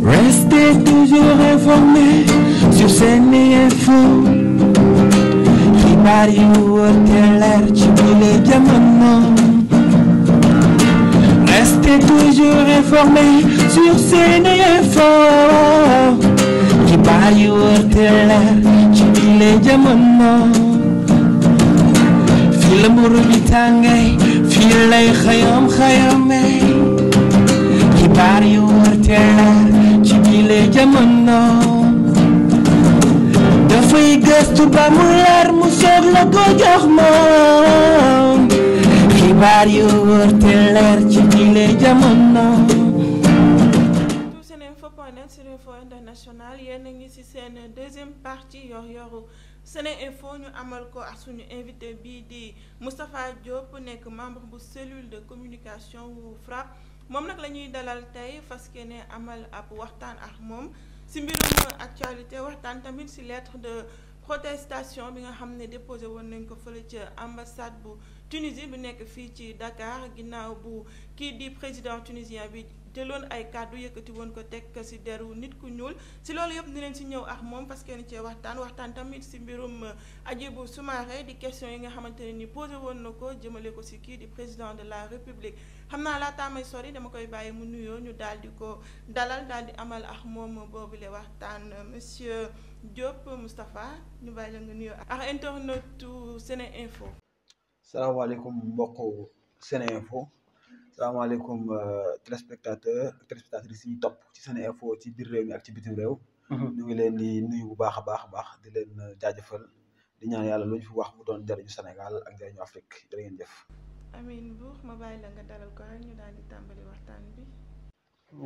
Restez toujours informés sur SeneInfo xibaar yu wóor te ci bile jamono Restez toujours informés sur SeneInfo xibaar yu wóor te leer ci bile jamono la mburu bi tàngee fii lay doxale jamono dafay gëstu ba mu leer mu soog la ko jox moom xibaar yu wër te leer ci bile jamono Seneinfo International yéen a ngi ci seen deuxième partie Yoor-Yooru Seneinfo ñu amal ko ak suñu invité bii di Moustapha Diop nekk membre bu cellule de communication wu FRAPP moom nag la ñuy dalal tey fas ne amal ab waxtaan ak moom si mbirum actualité waxtaan tamit si lettre de protestation bi nga xam ne déposé woon nañ ko fële ca ambassade bu. Tunisie bu nekk fii ci dakaar ginnaaw bu kii di président tunisien bi te loon ay kàddu yëkkati woon ko teg ci deru nit ku ñuul si loolu yëpp dinañ ci ñëw ak moom parce que ni cee waxtaan waxtaan tamit ci mbirum euh, Hadjibou Soumaré di question yi nga xamante ne ni posé woon na ko jëmale ko ci kii di président de la République xam naa laataa may sori dama koy bàyyi mu nuyoo ñu daal di ko dalal daal di amal ax moom boobule waxtaan monsieur Diop Moustapha ñu bàyyi la nga nuyoo ak internetu salaamaaleykum mbokku Seneinfo salaamaaleykum euh, téléspectateur téléspectatrices yi topp ci Seneinfo ci biir réew mi ak ci bitim réew. Mhm. ñu ngi leen di nuyu bu baax a baax a baax di leen jaajëfal di ñaan yàlla lu ñu fi wax mu doon njëriñu Sénégal ak njëriñu Afrique jërë ngeen jëf. amiin buur ma bàyyi la nga dalal ko rek ñu daal di tàmbali waxtaan bi.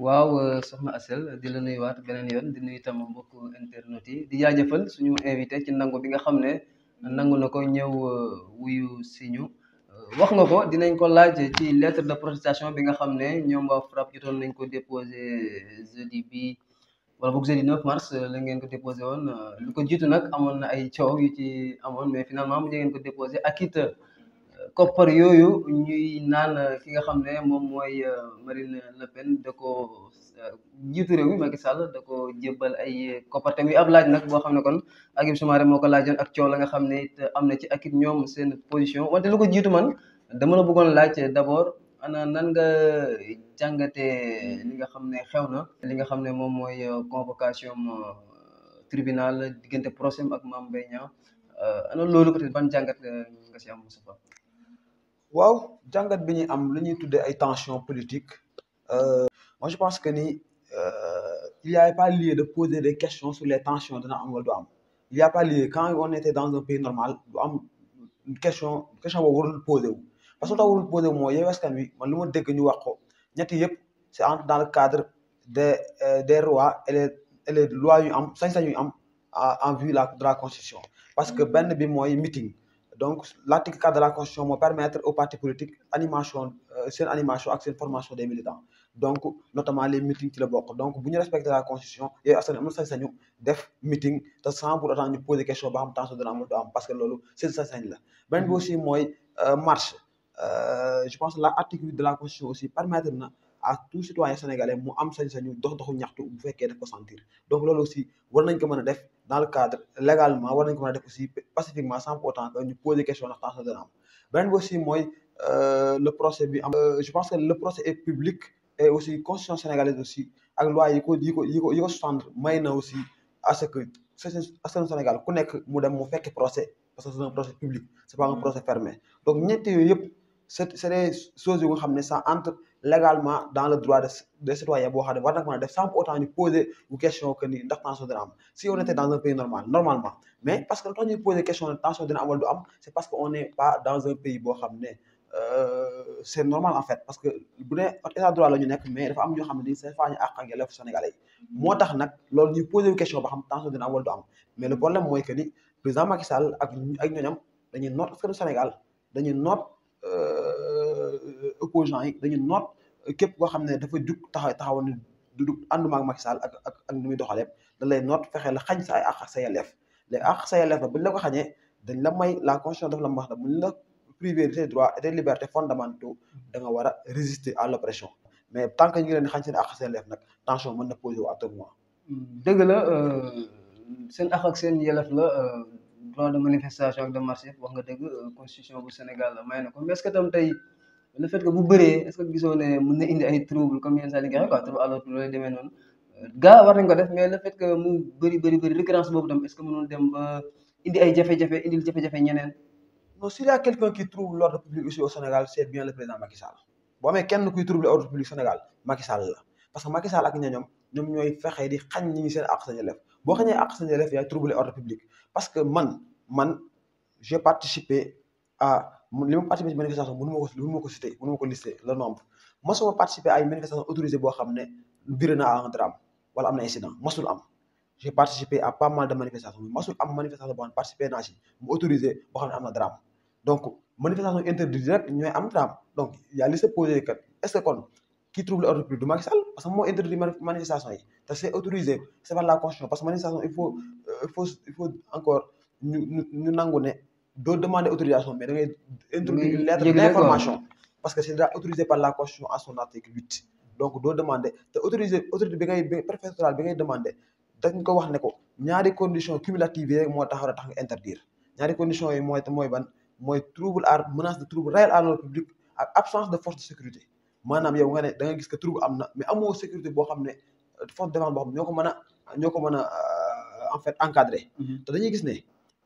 waaw euh, soxna Asel di la waat beneen yoon di nuyu itam mbokku internet di jaajëfal suñu invité ci nangu bi nga xam ne. nangu na ko ñëw euh, wuyu si ñu euh, wax nga ko dinañ ko laaj ci lettre de protestation bi nga xam ne ñoom waa FRAPP jotoon nañ ko déposé jeudi bi wala boog jeudi 9 mars euh, la ngeen ko déposé woon lu ko jiitu nag amoon na ay coow ci amoon mais finalement mu ngeen ko déposé ak it koppar yooyu ñuy naan ki nga xam ne moom mooy Marine Le Pen da ko njiitu réew mi Macky Sall da ko jébbal ay kopparte wi ab laaj nag boo xam ne kon Agib Soumaré moo ko laajoon la nga xam ne it am na ci ak it ñoom seen position wante lu ko jiitu man dama la bëggoon laaj d'abord ana nan nga jàngatee li nga xam ne xew na li nga xam ne moom mooy convocation euh, tribinal diggante procès ak Mame Mbaye Niang euh, ana loolu peut-être ban jàngat nga si am Moustapha waaw jàngat bi ñuy am lu ñuy tuddee ay tension politique euh, moi je pense que ni euh, il y avait pas lieu de poser des questions sur les tensions dina am wala do am il y a pas lieu quand on était dans un pays normal du am question question boobu warul posé wu parce que tax warul posé wu mooy yow askan wi ma lu ma dégg ñu wax ko ñetti yëpp c'est entre dans le cadre des euh, des rois et les et les lois yu am sañ-sañ yu am en vue la de la constitution parce que benn bi mooy meeting donc l'article 4 de la constitution moo permettre aux partis politiques animation euh, des militants donc notamment les meetings ci la bokk donc bu ñu respecté la constitution yooyu askan am na sañ-sañu def meeting te sans pour autant ñu poser question ba am que loolu seen sañ-sañ la beneen bi mm-hmm. aussi mooy euh, marche euh, je pense la article sañu dox doxu ñaxtu bu fekkee daf ko sentir donc loolu aussi war nañ ko mën a def dans le cadre légalement war nañ ko mën a def pacifiquement sans pour autant que ñu poser question ndax tension dana am beneen bi aussi mooy euh, le procès bi am je pense que le procès est public et aussi constitution sénégalaise aussi ak loi yi ko yi may na aussi à ce que askan Sénégal ku nekk mu dem mu fekk procès parce que c'est un procès mm. fermé donc ñett yooyu yëpp c'est c'est des choses yu xam ne ça entre légalement dans le droit de des citoyens boo xam ne war na ko mën a def sans ñu poser question que ni ndax tension dina am si on était dans un pays normal normalement mais parce que lu tax poser question ne tension dina am boo xam ne Euh, c' est normal en fait parce que bu dee état droit la ñu nekk mais dafa am ñoo xam ne dañu faa ñu àq ak yelleefu sénégalais moo tax nag loolu ñuy posé question ba xam tension dina am wala du am mais le problème mooy que ni président Macky Sall ak ak ñooñam dañuy noot askanu Sénégal dañuy noot euh, opposants yi dañuy noot képp koo xam ne dafa jug taxaw taxaw ni du du ak Macky Sall ak ak ak muy doxalee da lay noot fexe la xañ sa ay àq ak sa yelleef léegi àq sa dañ la may la constitution daf la mbax wax ne buñ la privé de tes droits et tes libertés fondamentaux da nga war a résister à mais tant que ñu leen xañ seen àq seen yelleef nag la euh, seen àq ak seen yelleef la euh, droit de de marché wax nga dëgg euh, constitution bu Sénégal la may na ko mais est-ce que tam tey le fait que bu bëree est-ce na indi ay trouble comme yenn saa yi demee noonu. war nañ ko def mais le fait que mu bëri bëri bëri récurrence boobu tam est-ce dem ba indi ay jafe-jafe indil jafe-jafe ñeneen. non s'il a quelqu'un qui trouble l'ordre public ici au Sénégal c'est bien le président Macky Sall boo amee kenn kuy trouble ordre public Sénégal Macky Sall la parce que Macky ak ñoñom ñoom ñooy fexe di xañ ñi seen àq sañ yelleef boo xañee àq sañ yelleef yaay trouble ordre public parce que man man j'ai participer a li ma participé ci manifestation mënu ma ko mënu ma ko cité mënu ma ko listé le nombre mosuma participer à manifestation autorisée boo xam ne viré na à un drame am na incident mosul am je participé à pas mal de manifestations masul am manifestation boo xam ne participé naa si mu autorisé boo xam ne am na drame donc manifestation interdite rek ñooy am drame donc yaa li se posé est ce que kon qui trouble l'ordre du Macky Sall parce que manifestation il faut encore ñu ñu ne doo demande autorisation mais da ngay introduire une lettre d'information parce que c'est déjà autorisé par la constitution à son article huit donc doo demander bi ngay préfectoral bi ngay demander dañ ko wax ne ko ñaari condition cumulative yi tax a tax nga interdire ñaari yi mooy mooy ban mooy trouble à menace de trouble réel à l'ordre public absence de force de sécurité maanaam yow nga ne da gis que trouble am na mais amoo sécurité boo xam ne euh, force de défense boo xam ñoo ko mën a ñoo ko mën a euh, en fait encadré mm-hmm. te dañuy gis ne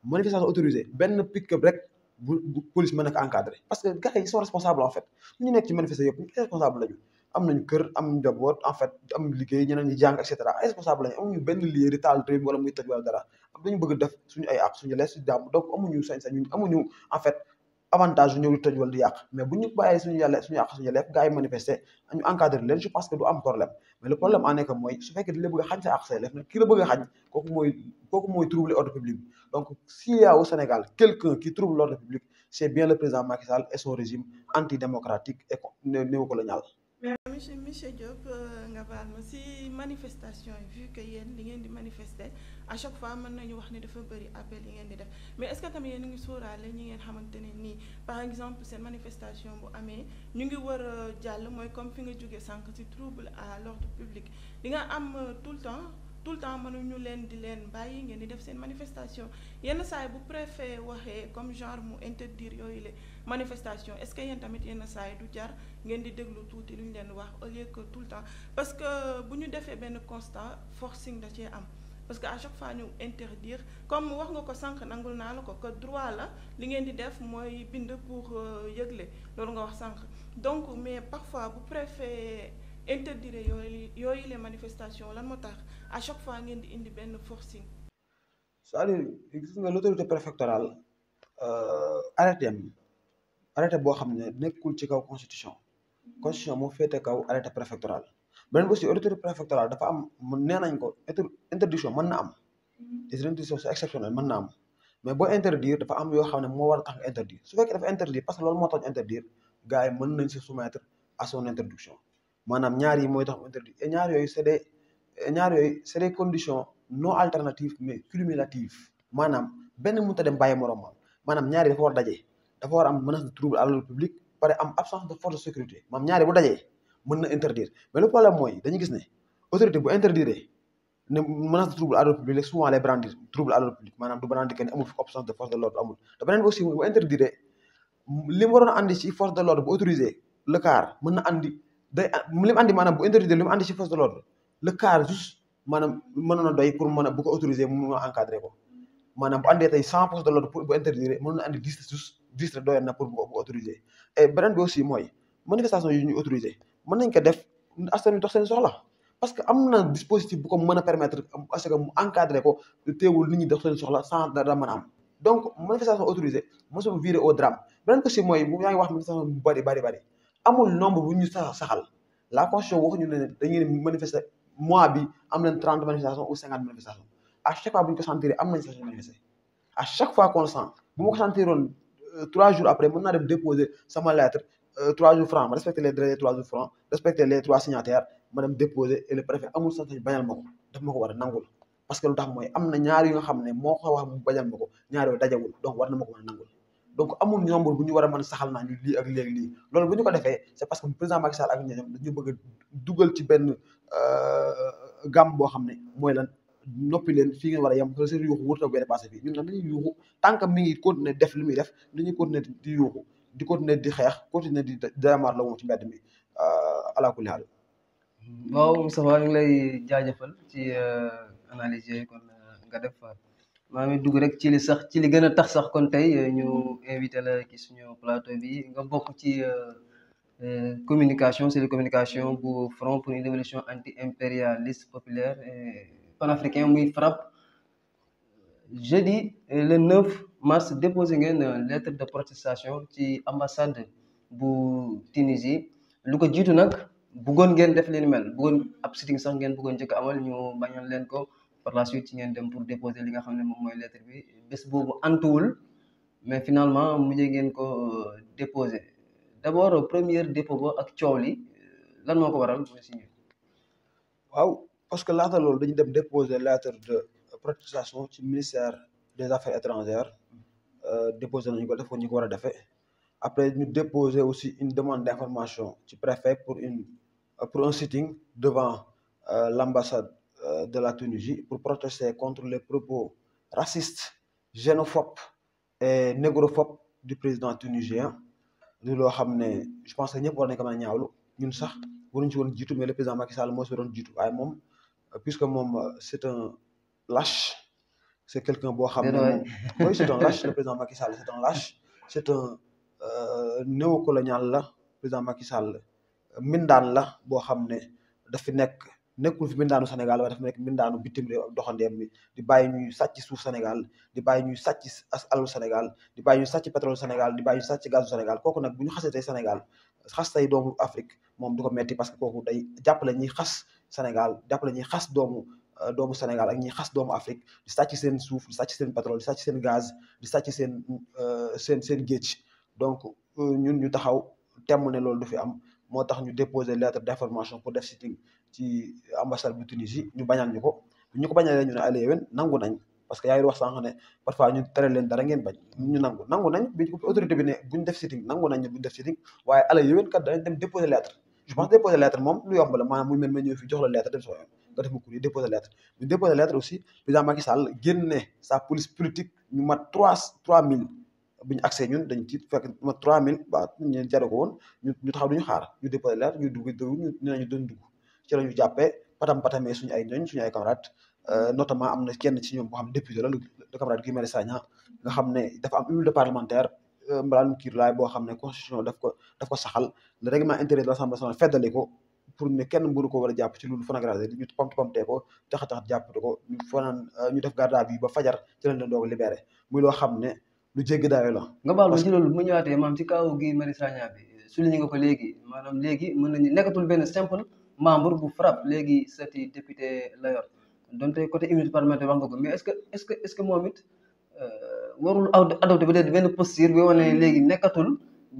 manifestation autorisée benn pick-up rek bu police mën na ko encadré parce que gars yi ils sont responsables en fait ñu nekk ci manifester yëpp ñu am nañu kër am njaboot en fait am liggéey ñeneen ñu jàng et cetera ay responsable lañu amuñu benn lien di taal réew mi wala muy tëj wala dara dañu bëgg def suñu ay ak suñu lees suñu jàmm donc amuñu sañ en fait avantage yu ñëw di tëj wala di yàq mais bu ñu bàyyee suñu yàlla suñu leen je pense que du am problème mais le problème en est que mooy su fekkee di la a xañ sa àq say leef nag ki la bëgg a xañ kooku mooy kooku mooy troubler ordre public donc s'il y a au le président Macky Sall et son régime antidémocratique monsieur monsieur Diop euh, nga baal ma si manifestation yi vu que yéen li ngeen di manifester à chaque fois mën nañu wax ni dafa bëri appel yi ngeen di def mais est-ce que tamit yéen a ngi sóoraale ñi ngeen xamante ne nii par exemple seen manifestation bu amee ñu ngi war a jàll mooy comme fi nga jógee sànq si trouble à l'ordre public li nga am euh, tout le temps tout le temps mënuñu leen di leen bàyyi ngeen di def seen manifestation yenn saa bu préfet waxee comme genre mu interdire yooyu la. manifestation est-ce que yéen tamit yenn saa yi du jar ngeen di déglu tuuti lu ñu leen wax au lieu que tout parce que bu ñu defee benn constat forcing da cee am parce que à chaque fois ñu interdire comme wax nga ko sànq nangul naa la ko que droit la li ngeen di def mooy bind pour euh, yëgle loolu nga wax sànq donc mais parfois bu préfet interdire yooyu yooyu les manifestation lan moo tax à chaque fois ngeen di indi benn forcing. c'est-à-dire gis nga l'autorité préfectorale euh, arrêté am arrêté boo xam ne nekkul ci kaw constitution constitution moo féete kaw arrêté préfectoral beneen bi aussi autorité préfectorale dafa am nee nañ ko interdiction mën na am interdiction c'est exceptionnel mën na am mais boo interdire dafa am yoo xam ne moo war a tax su fekkee dafa interdire parce que loolu moo tax interdire gars yi mën nañ se soumettre à son interdiction maanaam ñaar yi mooy tax mu interdire et ñaar yooyu c'est des ñaar yooyu c'est conditions non alternatives mais cumulatives maanaam benn mënut a dem bàyyi moroomam maanaam ñaar yi dafa war daje dafa war a am menace de trouble à l'ordre public pare am absence de force de sécurité maam ñaari bu dajee mën na interdire mais le problème mooy dañuy gis ne autorité bu interdire ne menace de trouble à l'ordre public souvent lay brandir trouble à l'ordre public maanaam du brandir que ne amul absence de force de l'ordre amul a andi ci force de l'ordre na andi day mu andi maanaam bu interdire li mu andi ci force de l'ordre le car juste maanaam mënoon a doy pour mën a bu ko autorisé mu encadré ko maanaam bu andee tey cent force de l'ordre bu interdire mënoon a andi dix dix rek doyoon na pour bu ko autoriser et beneen bi aussi manifestation yi ñuy autoriser mën nañ ko def askan wi dox seen soxla parce que am na dispositif bu ko mën a permettre parce que mu encadré ko teewul nit ñi dox seen soxla sans dara a am donc manifestation autorisée mosul virer au drame beneen aussi mooy bu yaa amul nombre bu ñu sax saxal la constitution waxuñu ne dañuy manifester mois bi am nañ trente manifestations ou cinquante manifestations a chaque fois bu ñu ko sentir am nañ bu Euh, trois jours après mën naa dem déposer sama lettre euh, trois jours francs ma respecté les délais trois jours francs respecté les trois signataires ma dem déposer et le préfet amul sañ-sañ bañal war a nangul parce que lu mooy am na ñaar yu nga xam ne moo ko wax mu bañal ma ko ñaar yooyu dajawul donc war na ma ko mën a nangul donc amul nombre bu ñu war a mën saxal naa ñu lii ak lii ak lii loolu bu ñu ko defee c'est parce que président Macky Sall ak ñoom dañu bëgg dugal ci benn euh, gàmm boo xam ne mooy lan noppi leen fii war a yem parce que seen yuuxu wërta bee dépassé fii ñun nag dañuy que mi ngi continuer def li muy def dañuy continuer di yuuxu di continuer di xeex continuer di damaar la moom ci mi euh, ala kulli haal ngi lay jaajëfal ci euh, analyse yooyu kon euh, nga def maa ngi dugg rek ci li sax ci li gën a tax sax kon tey ñu invité la ci suñu plateau bi nga bokk ci communication c'est la communication bu front pour une révolution anti impérialiste populaire panafricain muy FRAPP jeudi euh, le 9 mars déposé ngeen euh, lettre de protestation ci ambassade bu Tunisie lu ko jiitu nag bëggoon ngeen def leen mel bëggoon ab sitting sax ngeen bëggoon njëkk amal ñu bañoon leen ko par la suite ci ngeen dem pour déposé li nga xam ne moom mooy lettre bi bés boobu antuwul mais finalement mujjee ngeen ko euh, déposé d'abord première dépôt ba ak coow li lan moo ko waral mooy si waaw parce que laata loolu dañu dem déposer lettre de protestation ci ministère des affaires étrangères euh, déposer nañu ko def ko ñu ko war a defee après ñu déposer aussi une demande d' information ci préfet pour une euh, pour un sitting devant euh, l' ambassade de la Tunisie pour protester contre les propos racistes xénophobes et négrophobes du président tunisien di loo xam ne je pense que ñëpp war nañ ko mën a ñaawlu ñun sax waruñu ci woon jiitu mais le président Macky Sall moo moom. que moom euh, c'est un lâche c'est quelqu'un boo xam ne moom oui c'est un lâche le président Macky Sall c'est un lâche c'est euh, la président Macky Sall mindaan la boo xam ne dafi nekk nekkul fi mindaanu Sénégal waaye dafa nekk mindaanu bitim réew ak doxandeem bi di bàyyi ñuy sàcc suuf Sénégal di bàyyi ñuy sàcc alalu Sénégal di bàyyi ñuy sàcc pétrole Sénégal di bàyyi ñuy sàcc Sénégal kooku nag bu ñu xasee tey Sénégal xas tay doomu Afrique moom du ko metti parce que kooku day jàppale ñuy xas Sénégal jàppale ñuy xas doomu euh, doomu Sénégal ak ñuy xas doomu Afrique di sàcc seen suuf di sàcc seen pétrole di sàcc seen gaz di sàcc seen euh, seen seen géej donc euh, ñun ñu taxaw temm ne loolu du fi am moo tax ñu déposer lettre d'information pour def sitting ci ambassade bu Tunisie ñu bañal ñu ko ñu ko bañalee ñu ne allez yéen nangu nañ parce que yaa ngi wax sànq ne parfois ñu tere leen dara ngeen bañ ñu nangu nangu nañ bi autorité def sitting nangu nañ ne def sitting waaye ala yowén kat danañ dem déposer lettre je pense déposer lettre moom lu yomb la maanaam muy mel ma ñëw lettre dem soo nga def ma courrier déposer lettre ñu déposer lettre aussi président Macky Sall génne sa police politique ñu mat trois mille bu accès ñun dañ tiit fekk ñu ñu taxaw duñu xaar ñu déposé leer ñu dugg ñu ne ñu doon dugg Euh, notamment am na kenn ci ñoom boo xam ne député la le camarade Guy Marius Sagna nga xam ne euh, ko daf saxal le règlement intérieur de l'Assemblée nationale feddali ko pour ne kenn mburu ko war a jàpp ci loolu fanagrase di ñu pamte euh, def garde à ba fajar ci lañ leen loo xam ne lu jéggi daayo la nga baal ma ci loolu mu ñëwaatee maam ci kaw Guy Marius Sagna bi souligné nga ko léegi maanaam léegi mën benn simple membre bu FRAPP léegi sati député la donte côté humidité paramètre wax nga ko mais est-ce que est-ce que est-ce que moom it euh, warul adopté ba léegi benn posture bi wane léegi nekkatul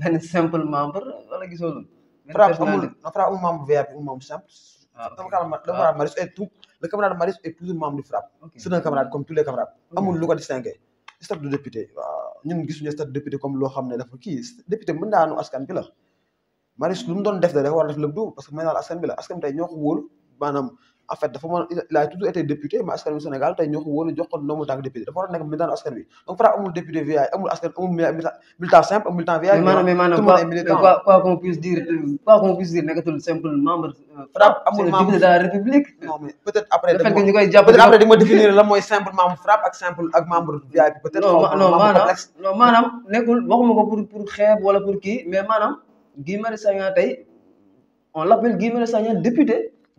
benn simple membre wala gisoo loolu. Fra amul Fra amul membre VIP amul membre simple. Ah, ah. camarade Marius est tout le camarade Marius est comme tous les camarades. amul lu ko distingué. statut de député waaw ñun gisuñu de député comme loo xam ne dafa kii député mën daanu askan bi la Marius lu mu doon def da dafa war a def lépp du parce que mën naa la askan bi askan bi ñoo ko en fait dafa mën il a toujours été député mais askan wi Sénégal tey ñoo ko wóolu jox ko ndombul député dafa war a nekk militant askan wi donc Fra amul député VI amul amul militant simple amul simple membre. Euh, Fra amul membre de république. non mais peut-être après. le fait ma définir la mooy simple membre ak simple ak membre VI peut-être. non non nekkul waxuma ko pour xeeb wala pour kii mais maanaam Guy Sagna tey on l'appelle Guy Sagna député.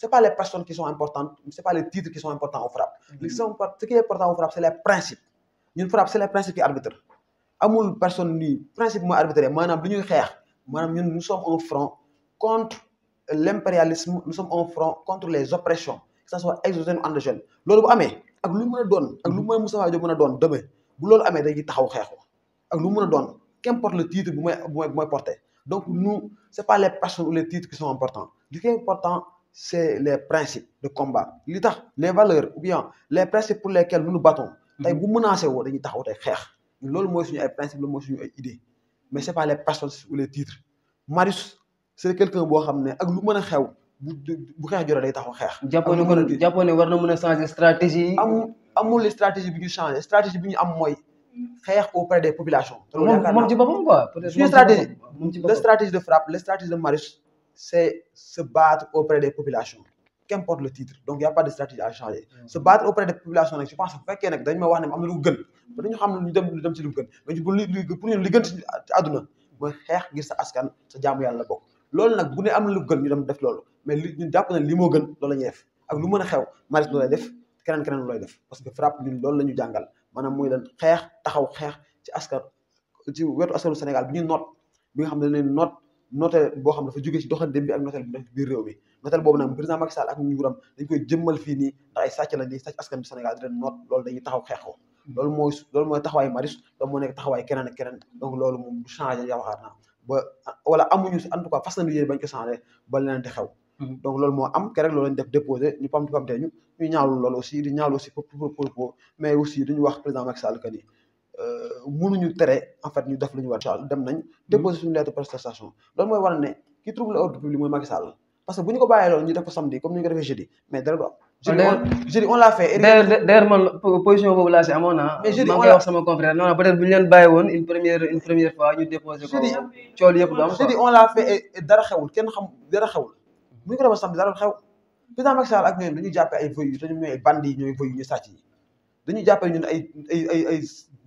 c'est pas les personnes qui sont importantes c'est pas les titres qui sont importants au FRAPP mhm. li qui est important au qui arbitre amul contre l'impérialisme nous sommes un front contre les oppressions que ça soit doon ak lu mhm. mooy Moustapha a doon demain bu loolu amee dañuy taxaw xeex ak lu mën doon qu'importe bu mooy bu mooy porté donc nous c'est pas les personnes ou c'est les principes de combat li tax les valeur ou bien les principes pour lesquels nous nous battons. Mhm. tey bu menacé woo dañuy taxaw tey xeex. loolu mooy suñu ay principes loolu mooy suñu ay idées mais c'est pas les personnes les titres Marius c'est quelqu'un boo xam ne ak lu mën a xew bu bu xeex jotee day taxaw xeex. jàppoon war na jàppoon war na mën a changer stratégie. amul amul stratégie bi ñu changer stratégie bi am mooy xeex auprès des populations. te loolu yaakaar naa moom ci c'est se battre auprès des populations qu'importe le titre donc y a pas de stratégie à changer mm. se battre auprès des populations nag je pense bu nag dañ ma wax ne am lu gën ba dañu xam nag bu def loolu mais li ñu jàpp ne li moo gën loolu la ñuy def ak lu mën a xew maris loolu def keneen keneen looy def parce que frappe ñun loolu la ñu jàngal maanaam muy leen xeex taxaw xeex ci askan ci wetu askanu Sénégal bi ñuy noot bi nga xam ne noot nooteel boo xam dafa jógee ci doxandéem bi ak nooteel bi nekk biir réew mi nooteel boobu nag président Macky Sall ak nguuram dañ ay sàcc lañ di sàcc askan hmm. moo nekk taxawaay keneen ak keneen hmm. donc loolu moo am keroog loolu lañ def déposé ñu pamti pamtee ñu wax Euh, mënuñu tere en fait ñu def lu ñu war dem nañ déposé suñu lettre prestation loolu mooy waral ne ki trouble ordre public mooy Macky Sall parce que bu ñu ko bàyyee loolu ñu def ko samedi comme ni ñu ko defee jeudi mais dara du am jeudi on l'a fait d'ailleurs man position boobu laa si amoon naa ah. mais jeudi maa ngi wax sama confrère non peut être bu ñu leen bàyyi woon une première une première fois ñu déposé ko cool yëpp du am jeudi on l'a fait et dara xewul kenn xam dara xewul bu ñu ko defee samedi dara xew président Macky Sall ak ñoom dañu jàppee ay voyous dañu ñooy bandi ñooy voyous ñu sàcc yi dañu jàppee ñun ay ay ay ay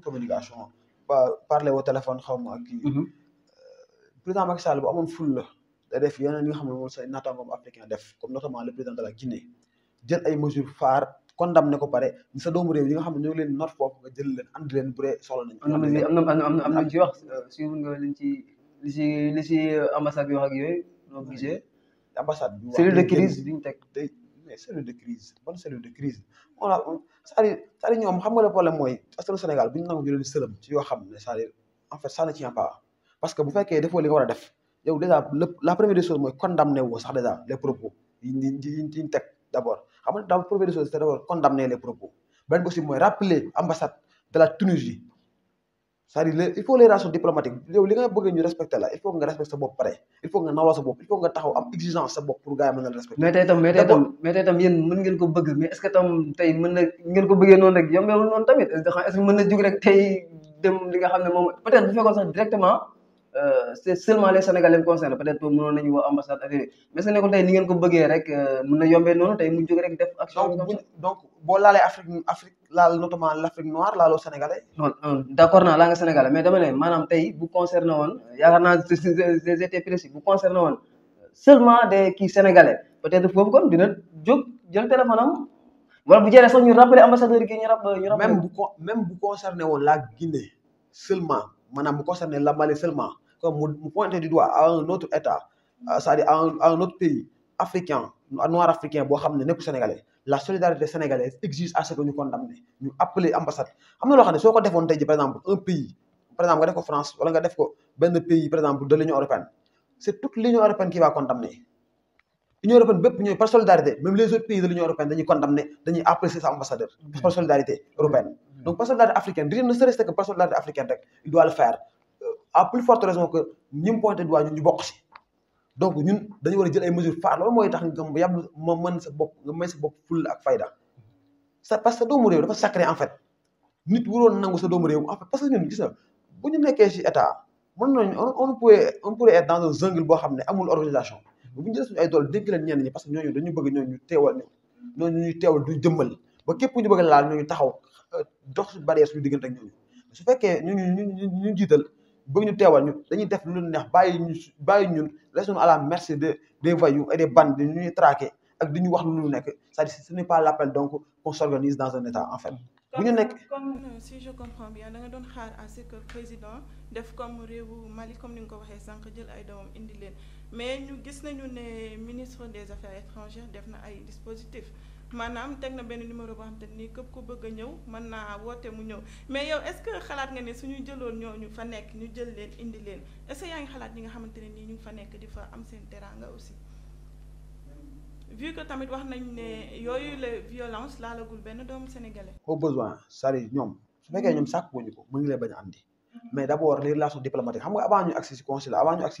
communication parler au téléphone xaw ma ak kii a mhm. euh, Macky Sall bu amoon ful la da def yeneen yi xam ne moom say naataangoom africain def comme notamment le président de la Guinée jël ay mesures phares condamné ko pare sa doomu réew yi nga xam ne ñoo ngi leen not foofu nga jël leen andi leen bu dee soxla nañu. am na am na am na ci wax euh, suivre nga liñ ci li ci li ci ambassade bi wax ak yooyu. noo de crise bi ñu mais cellule de crise ban cellule de crise on a ñoom xam nga le problème mooy askanu Sénégal bu ñu nangu ñu leen ci yoo xam ne cest en fait ça ne tient pas parce que bu fekkee defoo li nga def yow déjà la première des choses mooy condamné woo sax déjà les propos yiñ yiñ yiñ teg d'abord xam nga première des choses c'est d'abord condamner les propos beneen mooy rappeler ambassade de la Tunisie cest dire il faut les relations diplomatiques li nga bëgg ñu respecté la il faut nga respecté sa bopp pare il faut nga nawloo sa bopp il faut nga taxaw exigence sa bopp pour gars yi mën na la mais tey tam mais tey ngeen ko bëgg mais est ce que tam ngeen ko bëggee noonu rek yombeewul noonu tamit est ce que mën na jug rek tey dem li nga xam ne moom peut être bu fekkoon directement euh, c' est seulement leen concerné peut être mënoon nañu woo ambassade affaire laal notamment l' Afrique noire laal sénégalais. non d' na naa laa nga sénégalais mais dama ne maanaam tey bu concerné woon yaakaar naa des étés précis bu concerné woon seulement des kii sénégalais peut-être foofu kon dina jóg jël téléphone am. wala bu jëlee sax ñu rappelé ambassadeur gi ñu rappelé ñu rappelé. même bu ko même bu concerné woon la Guinée seulement maanaam bu concerné la Mali seulement comme mu mu pointé du doigt à un autre état euh, cest à autre pays africain noir boo xam ne nekku sénégalais. la solidarité sénégalaise exige à ce que ñu condamné ñu appeler ambassade am na loo xam soo ko defoon tey ji par exemple un pays par exemple nga def ko France wala nga def ko benn pays par exemple de l'Union européenne c'est toute l'Union européenne qui va condamner Union européenne bépp ñooy par solidarité même les autres pays de l'Union européenne dañuy condamner dañuy appeler sa ambassadeur par solidarité européenne donc par solidarité africaine euh, ñu bokk si donc ñun dañu war a jël ay mesures phares loolu mooy tax nga yàbb ma mën sa bopp nga may sa bopp fulla ak fayda sa parce que doomu réew dafa sacré en fait nit waroon nangu sa doomu réew en que ñun gis na bu ñu nekkee ci état mën nañ on dans un boo xam ne amul organisation bu ñu jël suñu ay dool dégg leen ñenn que ñooñu dañu bëgg ñooñu teewal ñooñu ñuy teewal du jëmmal ba képp ñu bëgg laal ñooñu taxaw euh, dox barrière suñu diggante ak ñooñu su fekkee ñu ñu ñu jiital bëgg ñu teewal ñu dañuy def lu neex bàyyi ñu bàyyi ñun laisse nous à la merci de des voyous et des bandes ñu ñuy ak di ñu wax lu nekk c'est-à-dire ce n'est pas l'appel donc qu'on s'organise dans un état en fait. bu ñu nekk comme si je comprends bien da nga doon xaar à ce que président def comme réewu Mali comme ni nga ko waxee sànq jël ay doomam indi leen mais ñu gis nañu ne ministre des affaires étrangères def na ay dispositifs. maanaam teg na benn numéro boo xam képp ku bëgg ñëw mën naa woote mu ñëw mais yow est-ce que xalaat nga ne suñu jëloon ñooñu fa nekk ñu jël leen indi leen est-ce xalaat ñi nga xamante ne nii ñu ngi fa nekk di fa am seen teraanga aussi vu que tamit wax nañ ne yooyu la violence laalagul benn doomu sénégalais. au besoin c'est-à-dire ñoom su ko mu ngi lay bañ a am di mais d'abord les relations diplomatiques xam nga avant ñu agsi ci consulat avant ñu agsi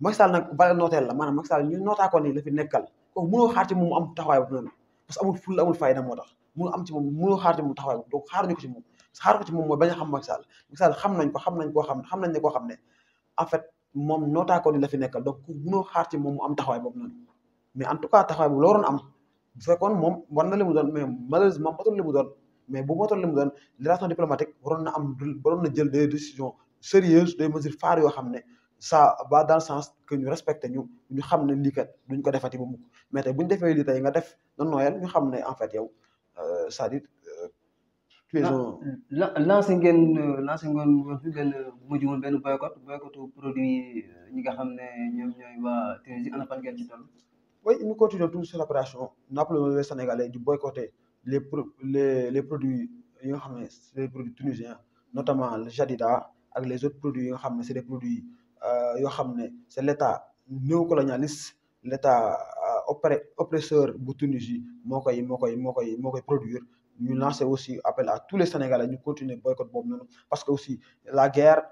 Macky Sall nag bare nooteel la maanaam Macky Sall ñu nootaa ko nii la fi nekkal kooku mënoo xaar ci moom mu am tax mënoo am ci moom a xam Macky Sall xam nañ ko xam nañ koo xam xam nañ ne koo xam ne en fait moom nootaa mais en tout cas taxawaay bu looroon am bu fekkoon moom war na li mu doon mais malheureusement matul li mu doon mais diplomatique waroon na am waroon na jël des décisions sérieuses des mesures phares yoo xam ne saa ba dans le sens que ñu respecté ñu ñu xam ne lii duñ ko defati ba mukk mais tey bu ñu defee lii tey nga def na nooyal ñu xam ne en fait yow euh, c'est-à-dire. Euh, ngeen lancé ngeen woon fi benn bu ma juumul benn boycott boycottu produit euh, ñi nga xam ne ñoom ñooy waa Tunisie ana fan ngeen ci toll. oui ñu continuer tout sur l'opération nous appelons les Sénégalais di boycotter les pro les les xam ne c'est des produits tunisiens le jadida ak les autres produits yi xam ne c'est des produits. Euh, yoo xam ne c'est l'état néocolonialiste l'état euh, oppré oppresseur bu Tunisie moo koy moo koy moo koy moo koy produire ñu lancer aussi appel à tous les Sénégalais ñu continuer boycott boobu noonu parce que aussi la guerre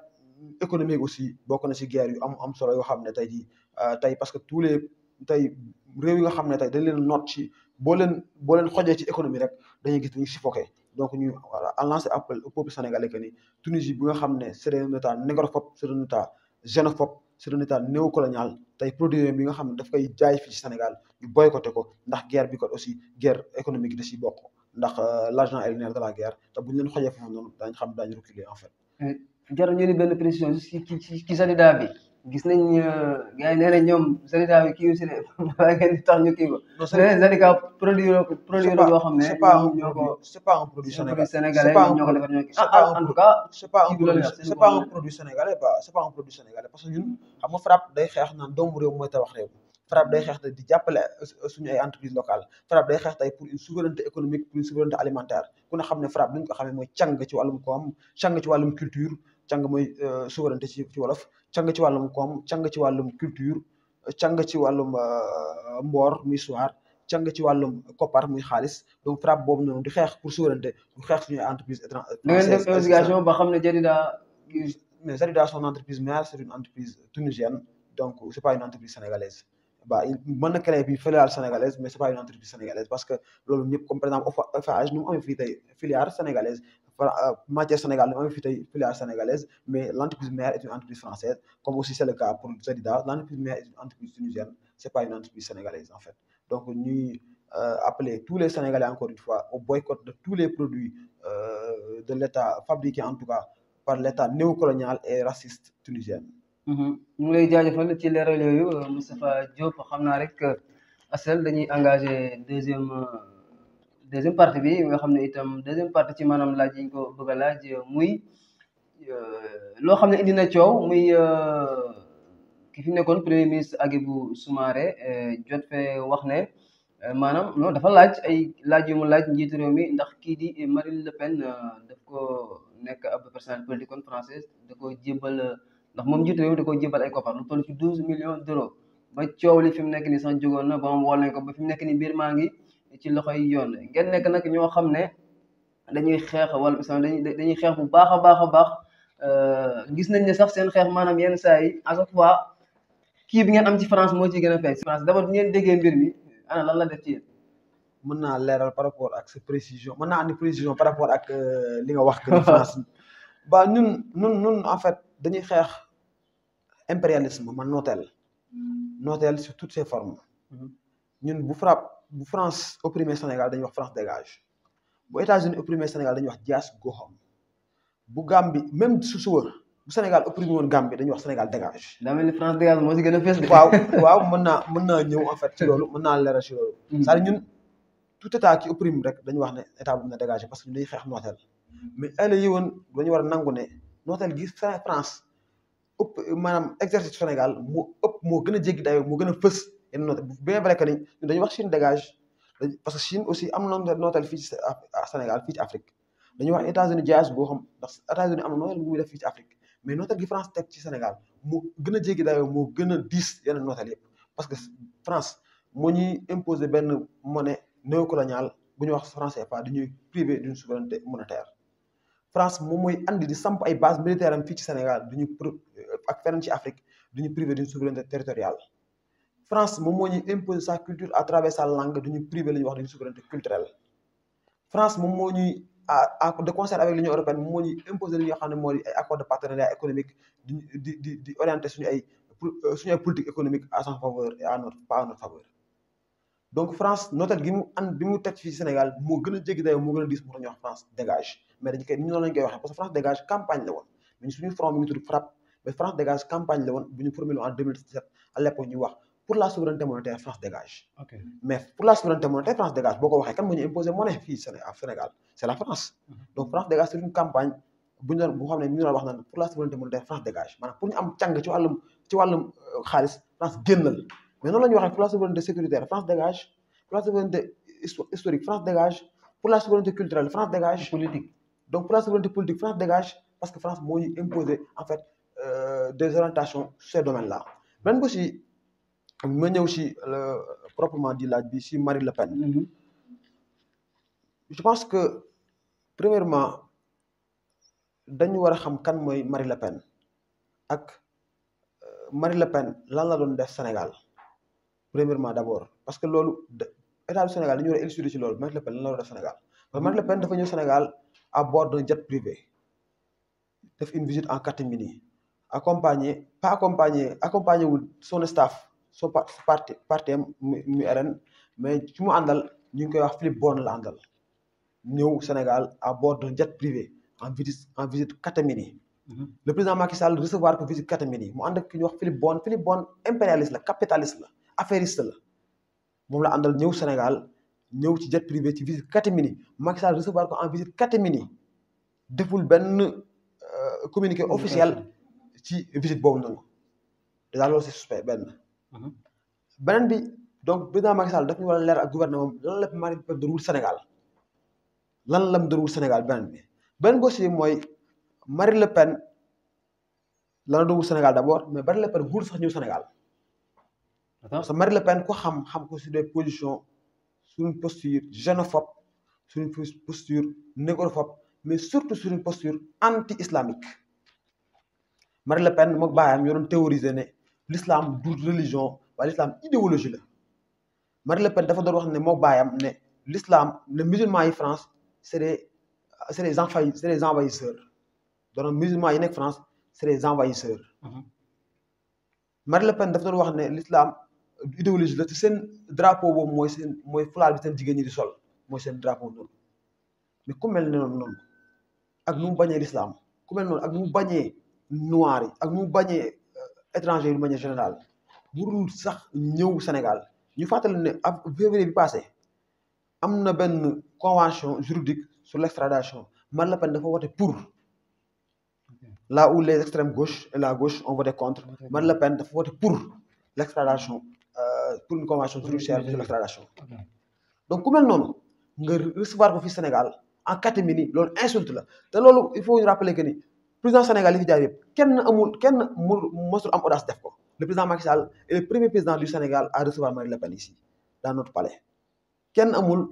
économique aussi bokk na ci guerre yu am am solo yoo xam ne tey jii euh, tey parce que tous les tey réew yi nga xam ne tey dañ leen noot ci boo leen boo leen xojee ci économie rek dañuy gis dañuy suffoqué donc ñu lancer appel au peuple sénégalais que ni Tunisie bi nga xam ne c'est un état négrophobe c'est un état xénophobe c'est un état néocolonial tey produit yooyu bi nga xam ne daf koy jaay fii ci Sénégal ñu boycotté ko ndax guerre bi ko aussi guerre économique da ciy bokk ndax euh, l'argent est le nerf de la guerre te bu ñu leen xojee foofu noonu daañu xam daañu reculer en fait. Euh, jar ñu ni benn précision ci ci bi. gis nañ euh, gars yi nee nañ ñoom syndicat bi kii aussi ne maa ngi tax ñu kii ko. non syndicat produit produit yoo xam ne. c'est pas un produit c'est pas un produit sénégalais ñoo ko defar ñoo ko. en tout cas c'est pas un produit c'est pas un produit sénégalais quoi c'est pas un produit sénégalais parce que ñun xam nga FRAPP day xeex naan doomu réew mooy tabax réew. FRAPP day xeex di jàppale euh, suñu ay entreprise locale FRAPP day xeex tey pour une souveraineté économique pour une souveraineté alimentaire ku ne xam ne FRAPP li ñu ko xamee mooy càng ci wàllum koom càng ci wàllum culture. càng mooy euh, souveraineté ci ci wolof càng ci wàllum koom càng ci wàllum culture càng ci wàllum euh, mboor muy soir càng ci wàllum koppar muy xaalis donc FRAPP boobu noonu di xeex pour souveraineté di xeex suñuy entreprise étrangère. da ngeen def investigation ba xam ne Jadida. mais Jadida son c'est une entreprise tunisienne donc c'est pas une entreprise sénégalaise. ba mën na filiale sénégalaise mais c'est pas une entreprise sénégalaise parce que loolu ñëpp comme par exemple fii tey filiale sénégalaise Euh, matière sénégalaise nous avons une filiale sénégalaise, mais l'entreprise mère est une entreprise française, comme aussi c'est le cas pour Zadida. L'entreprise mère est une entreprise tunisienne, ce pas une entreprise sénégalaise en fait. Donc nous euh, tous les Sénégalais, encore une fois, au boycott de tous les produits euh, de l'État, fabriqués en tout cas par l'État néocolonial et raciste tunisien. Mm-hmm. ñu ngi lay jaajëfal ci leeral yooyu Moustapha Diop xam naa rek Asel dañuy engagé deuxième. Euh, deuxième partie bi nga xam ne itam deuxième partie ci manam laaj yi ñu ko bëgg a laaj euh, muy euh, loo xam ne indi na coow muy euh, ki fi nekkoon premier ministre Hadjibou Soumaré jot fee wax ne maanaam non dafa laaj ay laaj yu mu laaj njiitu réew mi ndax kii di Marine Le Pen daf ko nekk ab personnalité kon française da ko jébal ndax moom njiitu réew mi da ko jébal ay koppar lu toll ci douze millions d'euros ba coow li fi mu nekk ni sax jógoon na ba mu wol nañ ko ba fi mu nekk nii biir maa ngi. ci loxoy yoon ngeen nekk nag ñoo xam ne dañuy xeex wala bis dañuy xeex bu baax a baax a baax euh, gis nañ ne sax seen xeex maanaam yenn saa yi à chaque fois kii bi ngeen am ci France moo ciy gën a feeñ. France d'abord bu ngeen déggee mbir mi ana lan la def ci yéen. mën naa leeral par rapport ak sa précision mën naa andi précision par rapport ak euh, li nga wax. que France ba ñun ñun ñun en fait dañuy xeex impérialisme man nooteel. Mm. nooteel sur toutes ses forme ñun bu frappe. bu France opprimer Sénégal dañu wax France dégage bu États-Unis opprimer Sénégal dañuy wax Dias go home bu Gambie même su su wër bu Sénégal opprimer woon Gambie wax Sénégal dégage. daa mel France dégage moo si gën a fees de. waaw waaw naa mën naa ñëw en fait ci loolu naa leeral ci loolu. Mm. c'est-à-dire ñun tout état rek dañu wax ne état bu na dégagé parce que ñun dañuy xeex nooteel mais alliés yi woon dañu war a nangu ne nooteel gi France ëpp maanaam exercice Sénégal moo ëpp moo gën a jéggi dayoo moo gën a fës. et bien vrai que ni dañuy wax Chine dégage parce que Chine aussi am na nootal fii ci Sénégal fii ci Afrique dañuy wax États-Unis jaas boo xam ndax États-Unis am na nootal bu muy def fii ci Afrique mais nootal gi France teg ci Sénégal moo gën a jéggi dayoo moo gën a diis parce que France moo ñuy imposé benn monnaie néocoloniale bu ñuy wax français pas du ñuy privé d'une souveraineté monétaire France moom mooy andi di samp ay base militaire fii ci Sénégal du ñu ak feneen ci Afrique du ñu privé d'une souveraineté territoriale France moom moo ñuy imposer sa culture à travers sa langue du ñu privé la ñuy wax duñu souveraineté France moom moo ñuy de concert avec l'Union européenne moom moo ñuy xam ne moo di ay accord de partenariat économique di di di ay politique économique à son faveur et à notre donc France notel gi mu ànd bi mu teg fii Sénégal moo gën a jéggi dayoo moo gën a diis moo tax ñu wax France dégage mais dañu koy waxee parce que France dégage campagne la woon mais suñu front mi ñu formulé en 2017 pour la souveraineté monétaire France dégage. Okay. mais pour la souveraineté monétaire France dégage boo ko waxee kan moo ñu imposé Sénégal c' la France. Mhm. donc France une campagne bu ñu doon bu pour la souveraineté monétaire France dégage maanaam pour ñu am càng ci ci wàllum euh, xaalis France génnal mais noonu la ñuy pour la souveraineté sécuritaire France dégage pour la souveraineté historique France dégage politique donc pour la souveraineté politique France dégage parce que France moo imposé en fait euh, ma ñëw si euh, proprement dit laaj bi si Marine Le Pen. Mm-hmm. je pense que premièrement dañu war a xam kan mooy Marine Le Pen ak euh, Marine Le Pen lan la doon def Sénégal premièrement d' abord parce que loolu état du Sénégal dañu war a élucider ci loolu Marine Le Pen lan la doon def Sénégal parce que Marine Le Pen dafa ñëw Sénégal à bord jet privé def une visite en catimini accompagné pas accompagné accompagné wul son so parti parti am mu RN mais ci mu àndal ñu ngi koy wax Philippe Bonne la àndal ñëw Sénégal à bord d'un jet privé en visite en visite catamini mhm. le président Macky Sall recevoir ko visite catamini mu ànd ak ki ñuy wax Philippe Bonne Philippe Bonne impérialiste la capitaliste la affairiste la moom la àndal ñëw Sénégal ñëw ci jet privé ci visite catamini Macky Sall recevoir ko en visite catamini deful benn euh, communiqué officiel ci visite boobu noonu déjà loolu c'est suspect benn Mhm. beneen bi donc président Macky Sall daf ñu war a leer ak gouvernement lan la Macky doon wut Sénégal lan lam doon wut Sénégal beneen bi beneen bi aussi mooy mari Le Pen lana doon wut Sénégal d'abord mais bari Le Pen wul sax ñëw Sénégal parce que Marine Le Pen ko xam xam ko si des positions suñu posture xénophobe suñu posture négrophobe mais surtout suñu posture anti islamique Marine Le Pen moom baayam ñoo doon théoriser l'islam du religion waaye l'islam idéologie la Marie Le Pen dafa doon wax ne moo baayam ne lislaam ne musulman yi France c'est des c'est des envahis c'est des envahisseurs donc musulman yi nekk France c'est des envahisseurs mhm. Marie Le Pen dafa doon wax ne lislaam idéologie la te seen drapeau boobu mooy seen mooy fulaar bi seen jigéen ñi di sol mooy seen drapeau noonu mais ku mel ne noonu noonu ak nu bañee l'islam ku mel noonu ak nu bañee noir ak nu bañee étranger de manière générale budul sax ñëw Sénégal ñu fàttali ne ab février bi passé am na benn convention juridique sur l'extradation Marine Le Pen dafa voté pour la u les extrêmes gauches et la gauche ont voté contre Marine la penn dafa voté pour l'extradation euh, pour une convention judiciaire sur l'extradation donc ku mel noonu nga recevoir ko fi Sénégal en catimini loolu insulte la te loolu il faut ñu rappeler que président Sénégal li jaar yëpp kenn amul kenn mu mosul am audace def ko le président Macky Sall est le premier président du Sénégal à recevoir Marine Le Pen ici dans notre palais kenn amul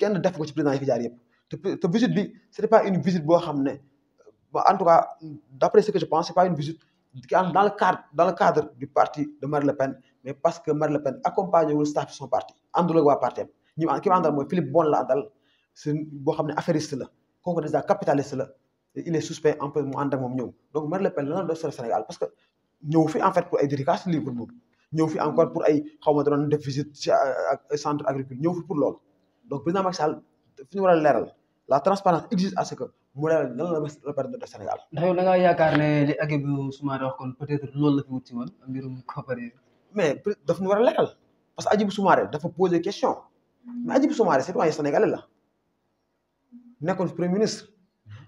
kenn def ko ci président yi fi jaar yëpp te bi c'était pas une visite boo xam ne en tout cas d'après ce que je pense c'est une visite dans le cadre du parti de Marine Le Pen mais parce que Marine Le Pen accompagné wul staff son parti àndul ak waa parti am ñi ki ma àndal mooy Philippe Bon boo xam ne affairiste la kooku déjà capitaliste la il est suspect en peu mu ànd moom ñëw donc Marine Le Pen lan la doon sori parce que ñëw fi en fait pour ay dédicaces livre xaw ma doon def visite ci euh, centre agricole ñëw pour loolu donc a leeral la transparence exige à ce que mu leeral lan la la perte de a leeral parce que Agibou Soumaré dafa poser question mais Agibou Soumaré citoyen sénégalais la nekkoon premier ministre.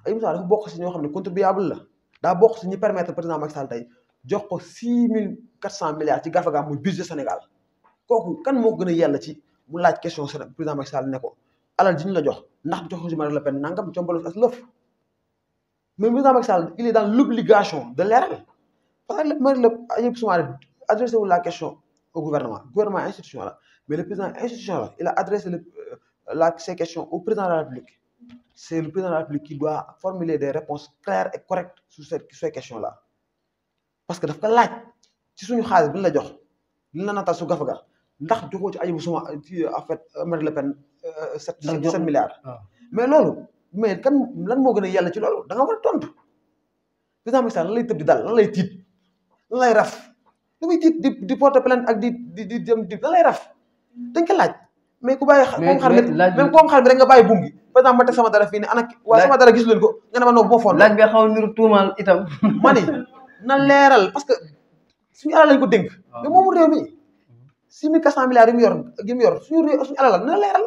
Aliou Moussa dafa bokk si ñoo xam ne contribuable la daa bokk si ñu permettre président Macky Sall tey jox ko six mille quatre cent milliards ci gafagaam muy budget Sénégal kooku kan moo gën a yella ci mu laaj question président Macky Sall ne ko alal ji jox ndax jox ko si Marine Le Pen nangam combalos as lëf mais président Macky Sall il est dans l'obligation de leeral parce que Marine Le Pen Hadjibou Soumaré adressé la question au gouvernement gouvernement institution la mais le président institution euh, la c'est le président de la République qui doit formuler des réponses claires et correctes sur ces sur la parce que daf ko laaj ci suñu xaalis bi la jox li la nataal su gafaga ndax joxoo ci ajibu suma ci en fait Le Pen euh, sept sept milliards mais loolu mais kan lan moo gën yàlla ci loolu da nga war a tontu président Macky Sall lan lay tëb di dal lan lay tiit lan lay raf lu muy tiit di di porter ak di di di dem di lan lay raf dañ laaj mais ku bàyyi moom xar mi même ku am nga bàyyi buum gi par ma teg sama dara fii ne ana waa sama dara gis leen ko nga ne ma noo boo foon laaj bi xaw niru na leeral parce que suñu alal lañ ko dénk ah. mais moomu réew mi six mille quatre cent milliards yi mu yor gi la na leeral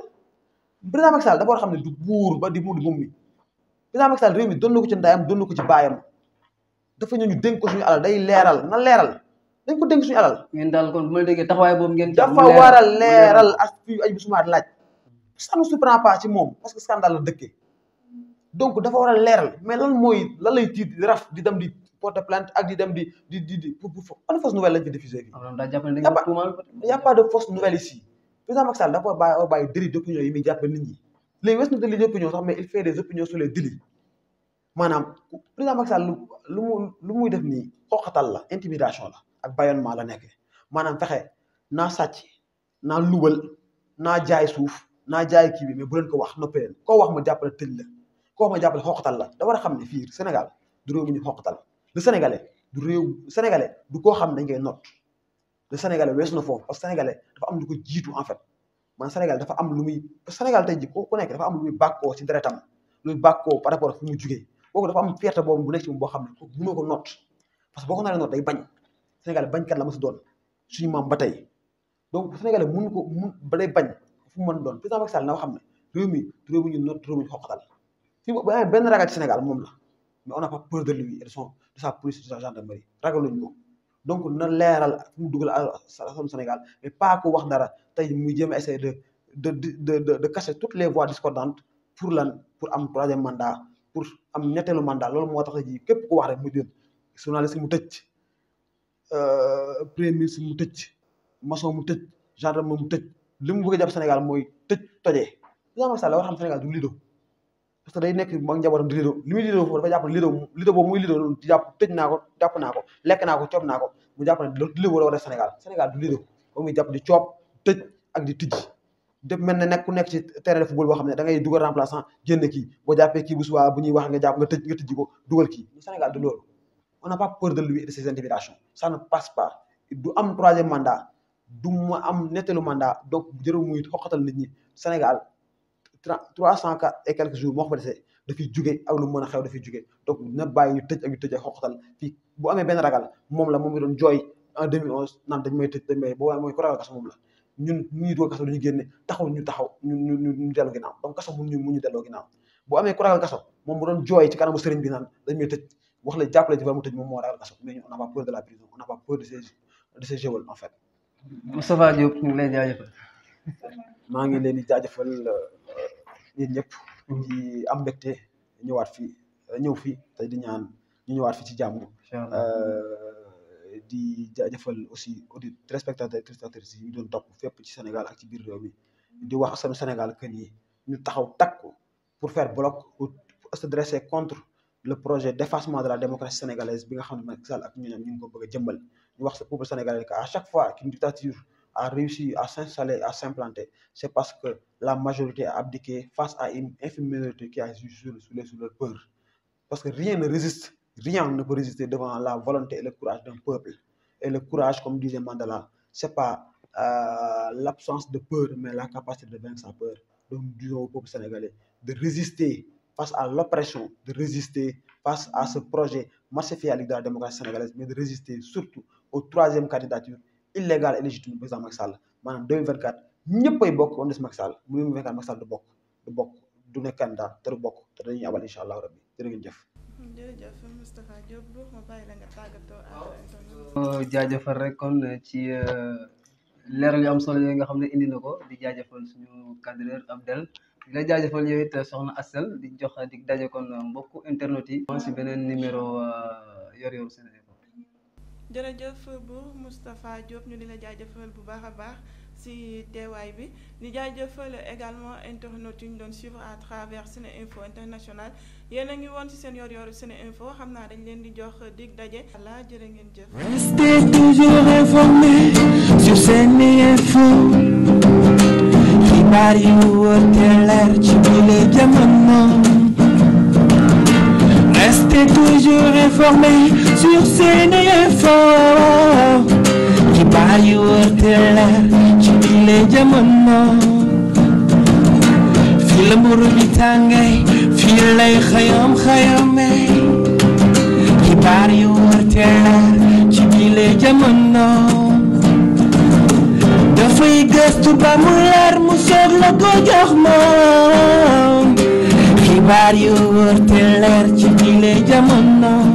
président Macky Sall dafa war xam ne du buur ba di muur buum mi président Macky Sall réew mi doon na ko ci ndaayam doon na ko ci baayam dafa ñëw ñu dénk ko suñu alal day leeral na leeral dañ ko dénk suñu alal. ngeen daal kon bu ma déggee taxawaay boobu ngeen. dafa war a leeral ak fii ay bisumaat laaj. ça ne surprend pas ci moom parce que scandale la dëkkee donc dafa war a leeral mais lan mooy lan lay tiit di raf di dem di porte plainte ak di dem di di di di pour pour ban fausse nouvelle lañ fi diffusé fii. daa jàpp ne dañ ko y' a pas de fausse nouvelle ici président Macky Sall dafa bàyyi dafa bàyyi délit d'opinion yi muy jàpp nit ñi léegi weesu na délit d'opinion sax mais il fait des opinions sur les délits maanaam président Macky Sall lu mu lu muy def nii xoqatal la intimidation la. ak bâillonnement la nekkee maanaam fexe naa sàcc naa luwal naa jaay suuf naa jaay kii bi mais bu leen ko wax noppee leen koo wax ma jàppale tëj la koo wax ma jàppale xoqatal la da a xam ne fii Sénégal du réew mu ñu xoqatal le Sénégalais du réew Sénégalais koo xam dañ koy not le Sénégalais weesu na foofu parce que dafa am lu ko jiitu en fait man dafa am lu muy Sénégal tey jii ku nekk dafa am lu muy bàkkoo ci deretam lu muy bàkkoo par rapport ak fu mu jugee kooku dafa am fierté boobu bu nekk ci moom boo xam ne mënoo ko not parce que boo ko naree not day bañ Sénégal bañkat la mos doon suñu maam ba tey donc Sénégal mun ko mun ba day bañ fu mu mën doon président Macky Sall na xam ne réew mi réew mi ñu noot réew mi ñu xoqatal fi bu amee benn ragal ci Sénégal moom la mais on n'a pas peur de lui et de son de sa police de sa gendarmerie ragaluñu ko donc na leeral fu mu dugal askanu Sénégal mais pas ko wax dara tey muy jéem a essayer de de de de de casser toutes les voix discordantes pour lan pour am troisième mandat pour am ñetteelu mandat loolu moo tax ji képp ku wax rek mu jëm journaliste mu tëj. Euh, premier ministre mu tëj maçon mu tëj gendarme mu tëj li mu bëgg a jàpp Sénégal mooy tëj tojee président Macky Sall war xam Sénégal du lido parce que day nekk mag njabootam di lido li muy lido foofu dafa jàpp ne lido lido boobu muy lido tëj naa ko jàpp naa ko lekk naa ko coob naa ko mu jàpp ne loolu lido la war a def Sénégal Sénégal du lido ba muy jàpp di coob tëj ak di tijji def mel ne nekk ci terrain de football boo xam ne da ngay dugal remplaçant génn kii boo jàppee kii bu subaa bu ñuy wax nga jàpp nga tëj nga tëjji ko dugal kii Sénégal du on n'a pas peur de lui et de ses intimidations ça ne passe am troisième mandat du ma am ñetteelu mandat donc ñi Sénégal trois cent quatre et quelques jours moo ko fa dese dafiy jóge lu a xew dafiy jóge donc na bàyyi ñu tëj ak ñu tëj ak xoqatal fii bu amee benn ragal moom la moom mi doon jooy en 2011 naan dañ may tëj dañ may boo mooy ko ragal dugg kaso taxaw ñu taxaw ñu ñu ñu dellu ginnaaw donc kaso mun ñu mun ñu delloo ginnaaw amee ku ragal kaso moom mu doon jooy ci kanamu sëriñ bi naan dañ may tëj wax la jàppale ci war mu tëj moom moo ragal kaso mais on n'a pas peur de la prison on n'a de ces de ces geôles en fait. Moustapha Diop ñu maa ngi leen di jaajëfal euh, yéen ñëpp. Mm-hmm. di am mbégte ñëwaat fii euh, ñëw fii tey di ñaan ñu ñëwaat fii ci jàmm. Euh, di jaajëfal aussi audit téléspectateurs téléspectatrices yi ñu doon topp fépp ci Sénégal ak ci biir réew di wax askanu Sénégal que ni ñu taxaw takku pour faire bloc pour se dresser contre. le projet d'effacement de la démocratie sénégalaise bi nga xam ne Macky Sall ak ñooñam ñu ngi a jëmbal ñu wax sa peuple sénégalais que à chaque fois qu'une dictature a réussi à s'installer à s'implanter c'est parce que la majorité a abdiqué face à une infime minorité qui a su les sous peur parce que rien ne résiste rien ne peut résister devant la volonté et le courage d'un peuple et le courage comme disait Mandela c'est pas euh, l'absence de peur mais la capacité de vaincre sa peur donc disons au peuple sénégalais de résister face à l'oppression de résister face à ce projet massifique de la démocratie sénégalaise mais de résister surtout au troisième candidature illégale et légitime président Macky Sall maanaam 2024 ñëpp ay bokk am des Macky Sall mu 2024 du bokk du bokk du nekk candidat te du bokk te dañuy abal incha allahu rabbi jërë ngeen jëf. jërëjëf jaajëfal rek kon ci euh, leeral yu am solo yooyu nga xam ne indi na ko di jaajëfal suñu cadreur Abdel. di la jaajëfal yow it soxna Asel di jox di daje kon mbokku internet yi. si beneen numéro euh, Yoor Yooru Sénégal. jërëjëf bu Moustapha Diop ñu di la jaajëfal bu baax a baax ci teewaay bi di jaajëfal également internautes yu ñu doon suivre à travers Sene Info International yéen a ngi woon ci seen yor-yoru Sene Info xam naa dañ leen di jox dig daje. voilà jërë ngeen jëf. Restez toujours informés sur Sene Info. xibaar ci bile jamono restez toujours informés sur SeneInfo xibaar yi wóor te ci bile jamono fi la mburu bi tàngee gëstu ba mu leer mu soog la ko jox moom xibaar yu wóor te leer ci bile jamono